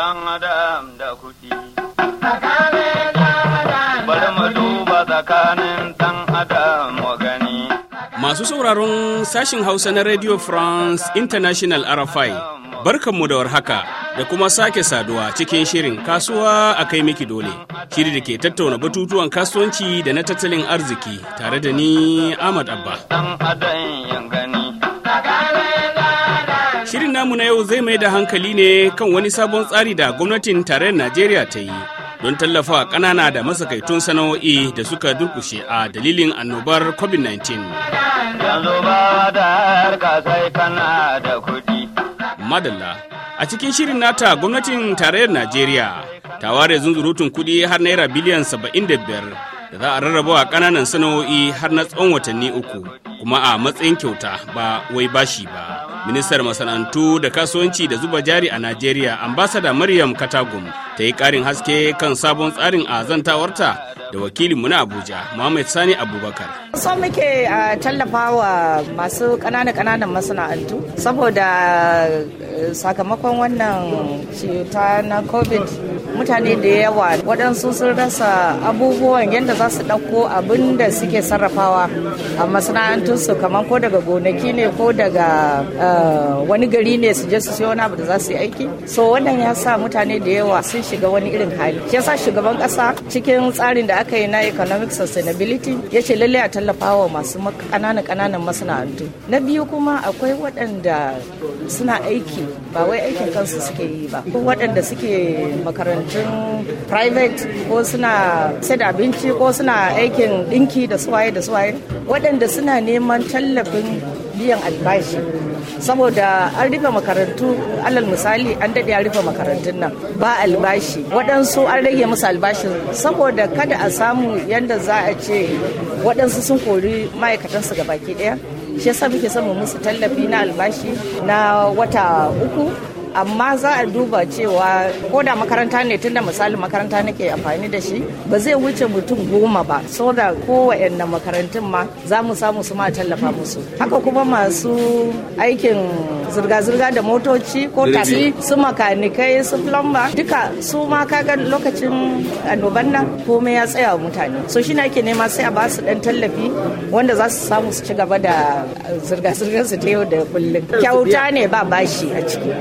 dan adam da kuɗi. Bari mu duba tsakanin dan adam mu Masu sauraron sashin Hausa na Radio France International RFI, mu da warhaka. Da kuma sake saduwa cikin shirin kasuwa a kai miki dole, shiri da ke tattauna batutuwan kasuwanci da na tattalin arziki tare da ni Ahmad Abba. Dan adam gani. Shirin namu na yau zai mai da hankali ne kan wani sabon tsari da gwamnatin tarayyar Najeriya ta yi don tallafawa ƙanana da masakaitun sana'o'i da suka durkushe a dalilin annobar COVID-19. Madalla, a cikin shirin nata gwamnatin tarayyar Najeriya ta ware zunzurutun kuɗi har naira biliyan 75 da za a rarraba wa kananan sana'o'i har na tsawon watanni uku kuma a matsayin kyauta ba wai bashi ba ministar masana'antu da kasuwanci da zuba jari a najeriya ambasada maryam katagum ta yi karin haske kan sabon tsarin a zantawarta da wakilinmu na Abuja Muhammad Sani Abubakar. So muke uh, tallafa wa masu kananan masana'antu saboda sakamakon wannan cuta na covid mutane da yawa waɗansu sun rasa abubuwan yadda za su ɗauko abin da suke sarrafawa a masana'antunsu kamar ko daga gonaki ne ko daga eh, wani gari ne su je su siyo wani abu da za su yi aiki so wannan ya sa mutane da yawa sun shiga wani irin hali shi yasa shugaban ƙasa cikin tsarin da aka yi na economic sustainability ya ce lallai a tallafawa masu ƙananan ƙananan masana'antu na biyu kuma akwai waɗanda suna aiki ba wai aikin kansu suke yi ba ko waɗanda suke makarantun private ko suna da abinci ko suna aikin ɗinki da suwaye da suwaye waɗanda suna neman tallafin biyan albashi saboda an rufe makarantu alal misali an daɗe an rufe makarantun nan ba albashi waɗansu an rage musu albashi. saboda kada a samu yadda za a ce waɗansu sun kori ma'aikatansu baki ɗaya shi yasa muke son mu musu tallafi na albashi na wata uku amma za a duba cewa ko da makaranta ne tunda misali makaranta nake amfani da shi ba zai wuce mutum goma ba so saboda kowaɗanne makarantun ma za mu samu su ma tallafa musu haka kuma masu aikin zirga-zirga da motoci ko tafi su makanikai su plumber duka su ma kaga lokacin annoban nan komai ya tsaya mutane so shi ake nema sai a ba su dan tallafi wanda za su samu su ci gaba da zirga-zirgar su ta yau da kullum kyauta ne ba bashi a ciki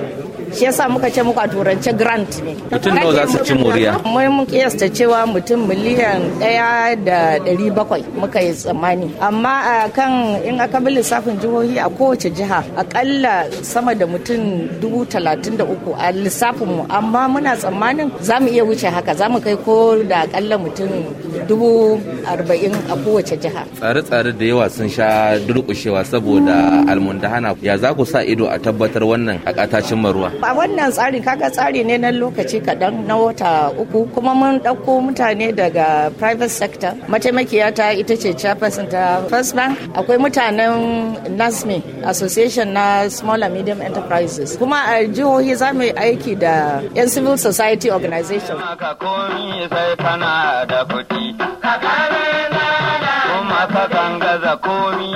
shi yasa muka ce muka turance grant ne mutum nawa za su ci moriya mai mun kiyasta cewa mutum miliyan ɗaya da ɗari bakwai muka yi tsammani amma a kan in aka bi lissafin jihohi a kowace jiha akalla sama da mutum dubu talatin da uku a lissafin mu amma muna tsammanin za mu iya wuce haka za mu kai ko da akalla mutum dubu arba'in a kowace jiha tsare-tsare da yawa sun sha durƙushewa saboda almundahana ya za ku sa ido a tabbatar wannan a ƙatashin maruwa A wannan tsarin kaga tsari ne na lokaci kaɗan na wata uku kuma mun ɗauko mutane daga private sector mataimakiya ta ita ce chairperson ta first bank akwai mutanen nasmi association na small and medium enterprises kuma a jihohi za mu yi aiki da yan civil society organization kuma komi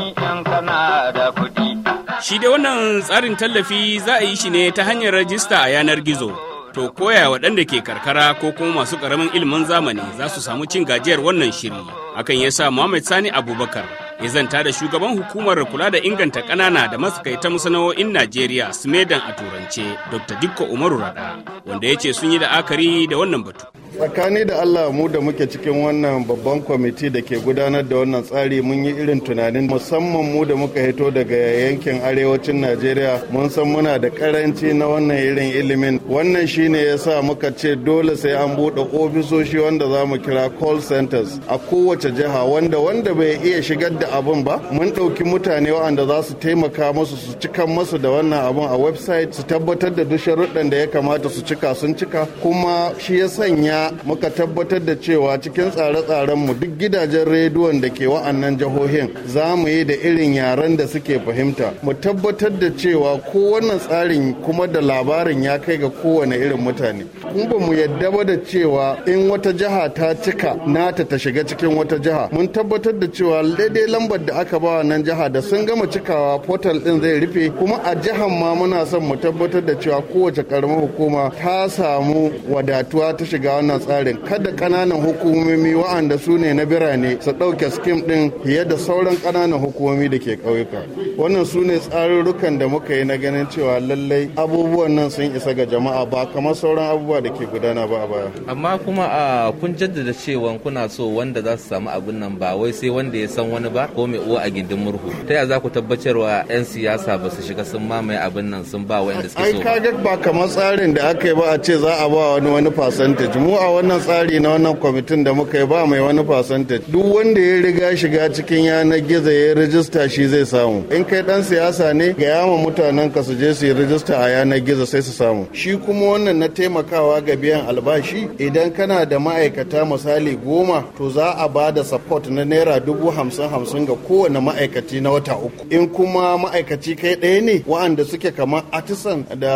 Shi da wannan tsarin tallafi za a yi shi ne ta hanyar rajista a yanar gizo. To koya waɗanda ke karkara ko kuma masu ƙaramin ilimin zamani za su samu cin gajiyar wannan shiri. akan ya sa Muhammad Sani Abubakar ya zanta da shugaban hukumar kula da inganta kanana da masakaita masana'o'in Najeriya Sumedan a turance Dr. Dikko Umaru Rada wanda ya ce sun yi la'akari da wannan batu. Tsakani da Allah mu da muke cikin wannan babban kwamiti da ke gudanar da wannan tsari mun yi irin tunanin musamman mu da muka hito daga yankin arewacin Najeriya mun san muna da karanci na wannan irin ilimin wannan shine sa muka ce dole sai an buɗe ofisoshi wanda za mu kira call centers a kowace jiha wanda wanda bai iya shigar da abun ba mun ɗauki mutane waɗanda za su taimaka musu su cika masu da wannan abin a website su tabbatar da duk sharuɗan da ya kamata su cika sun cika kuma shi ya sanya muka tabbatar da cewa cikin tsare-tsaren mu duk gidajen rediyon da ke wa'annan jihohin za mu yi da irin yaren da suke fahimta mu tabbatar da cewa ko wannan tsarin kuma da labarin ya kai ga kowane irin mutane kuma ba mu yadda ba da cewa in wata jiha ta cika nata ta shiga cikin wata jiha mun tabbatar da cewa daidai lambar da aka ba nan jiha da sun gama cikawa portal din zai rufe kuma a jihar ma muna son mu tabbatar da cewa kowace karamar hukuma ta samu wadatuwa ta shiga wannan tsarin kada kananan hukumomi wa'anda su ne na birane su ɗauke skim din fiye da sauran kananan hukumomi da ke ƙauyuka wannan su ne tsarurrukan da muka yi na ganin cewa lallai abubuwan nan sun isa ga jama'a ba kamar sauran abubuwa da ke gudana ba a baya amma kuma a ah, kun jaddada cewa kuna so wanda za su samu abin nan ba wai sai wanda ya san wani ba ba ko mai uwa a gindin murhu ta yaya za ku wa 'yan siyasa ba su shiga sun mamaye abin nan sun ba wa'anda suke so ai kaga ba kamar tsarin da aka yi ba a ce za a ba wani wani percentage mu a wannan tsari na wannan kwamitin da muka yi ba mai wani percentage duk wanda ya riga shiga cikin yanar gizo ya rijista shi zai samu in kai dan siyasa ne ga yama mutanen ka su je su yi rijista a yanar gizo sai su samu shi kuma wannan na taimakawa ga biyan albashi idan kana da ma'aikata misali goma to za a ba da support na naira dubu hamsin hamsin sun ga kowane ma'aikaci na wata uku in kuma ma'aikaci kai ɗaya ne wa'anda suke kamar artisan da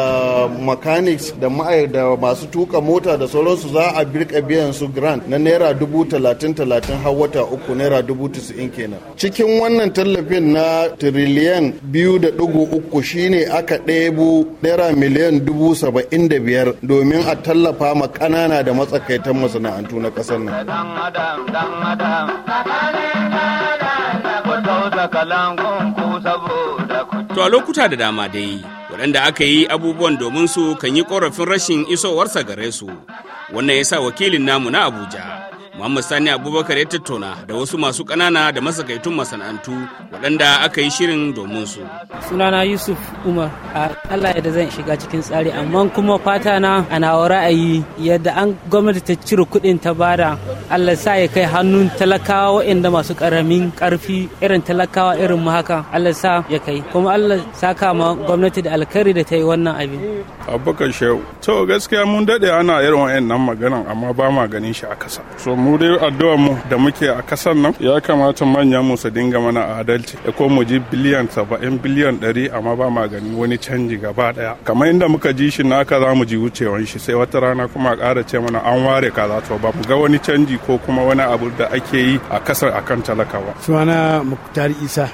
mechanics da masu tuka mota da sauransu za a birka biyan su grant na naira dubu talatin talatin har wata uku naira dubu tisa'in kenan cikin wannan tallafin na tiriliyan biyu da dugu uku shine aka ɗebo naira miliyan dubu saba'in da biyar domin a tallafa ma ƙanana da matsakaitan masana'antu na ƙasar nan. To a lokuta da dama dai, waɗanda aka yi abubuwan domin su kan yi ƙorafin rashin isowarsa gare su, wannan ya sa wakilin namu na Abuja. Muhammad Sani Abubakar ya tattauna da wasu masu kanana da masakaitun masana'antu waɗanda aka yi shirin domin su. Sunana Yusuf Umar a Allah da zan shiga cikin tsari amma kuma fata na ana ra'ayi yadda an gwamnati ta cire kuɗin ta bada Allah sa ya kai hannun talakawa waɗanda masu ƙaramin ƙarfi irin talakawa irin mu haka Allah sa ya kai kuma Allah ka ma gwamnati da alkhairi da ta yi wannan abin. Abubakar Shehu to gaskiya mun daɗe ana irin waɗannan maganan amma ba ma ganin shi a kasa. mu dai addu'ar mu da muke a kasar nan ya kamata manyan mu su dinga mana adalci da ko mu ji biliyan 70 biliyan 100 amma ba ma gani wani canji gaba daya kamar inda muka ji shi naka za mu ji wucewan shi sai wata rana kuma ƙara ce mana an ware kaza to ba mu ga wani canji ko kuma wani abu da ake yi a kasar akan talakawa. an'a Muktar Isa.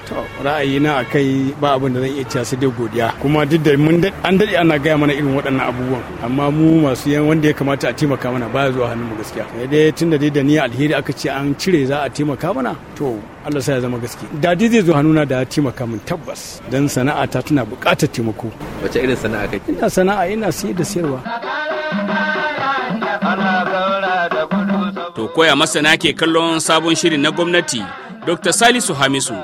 Ra'ayina a kai ba abin da zan iya cewa sai dai godiya. Kuma duk da mun an dade ana gaya mana irin waɗannan abubuwan amma mu masu yan wanda ya kamata a taimaka mana ba zuwa hannun mu gaskiya. Dai dai da ni alheri aka ce an cire za a taimaka mana to Allah sa ya zama gaske dadi zai zo hannuna da ya taimaka min tabbas dan sana'a ta tana buƙatar taimako wace irin sana'a kake ina sana'a ina sayar da sayarwa to koya masana ke kallon sabon shirin na gwamnati Dr. Salisu Hamisu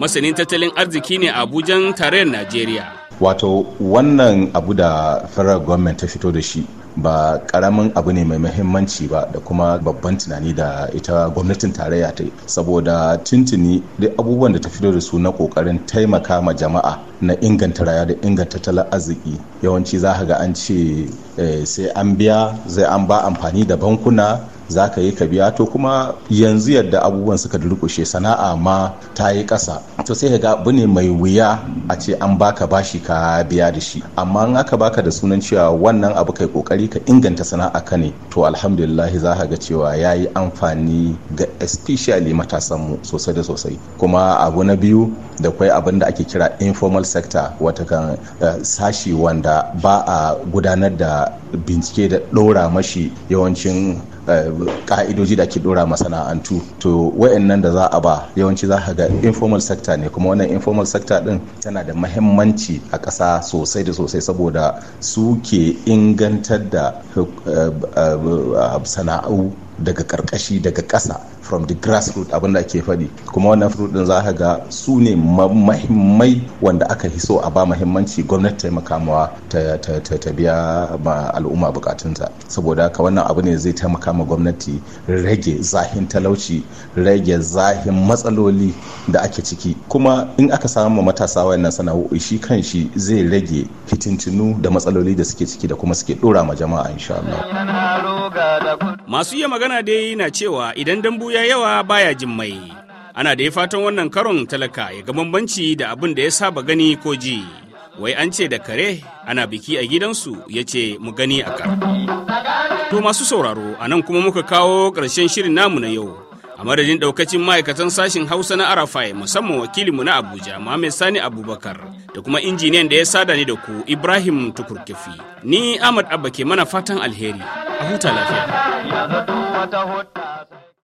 masanin tattalin arziki ne a abujan tarayyar Najeriya wato wannan abu da federal government ta fito da shi ba karamin abu ne mai mahimmanci ba da kuma babban tunani da ita gwamnatin tarayya ta yi saboda tuntuni duk abubuwan da ta fito da su na kokarin taimaka ma jama'a na inganta raya da inganta tattalin arziki yawanci za ga an ce eh, sai an biya zai an ba amfani da bankuna za ka yi ka biya to kuma yanzu yadda abubuwan suka durkushe sana'a ma ta yi ƙasa to sai ka ga abu ne mai wuya a ce an baka bashi ka biya da shi amma in aka baka da sunan cewa wannan abu kai kokari ka inganta sana'a ka ne to alhamdulillah za ka ga cewa ya yi amfani ga especially matasanmu sosai da sosai kuma abu na biyu da kwai abin da ake kira informal sector wata kan eh, sashi wanda ba a gudanar da bincike da ɗora mashi yawancin Eh, ka'idoji da ake dora masana'antu to wayannan da za a ba yawanci za a ga informal sector ne kuma wannan informal sector din tana da mahimmanci a ƙasa sosai da sosai saboda su ke ingantar da eh, eh, sana'u daga ƙarƙashi daga ƙasa from the grassroots abin da ake faɗi kuma wannan fruit din za ka ga su ne mahimmai wanda aka hiso a ba mahimmanci gwamnati ta taimaka mawa ta biya ma al'umma bukatunta saboda haka wannan abu ne zai taimaka ma gwamnati rage zahin talauci rage zahin matsaloli da ake ciki kuma in aka samu matasa wayannan sana'o'i shi kan shi zai rage fitintinu da matsaloli da suke ciki da kuma suke dora ma jama'a insha Allah. Masu iya magana dai na cewa idan dambu ya yawa baya jin mai. Ana da ya fatan wannan karon talaka ya ga bambanci da abin da ya saba gani ko ji. Wai an ce da kare ana biki a gidansu ya ce mu gani a kar. To masu sauraro a nan kuma muka kawo ƙarshen shirin namu na yau. a madadin daukacin ma'aikatan sashin hausa na arafai musamman wakilinmu na abuja mohammed sani abubakar da kuma injiniyan da ya sada ni da ku ibrahim tukurkifi ni ahmad abba ke mana fatan alheri a huta lafiya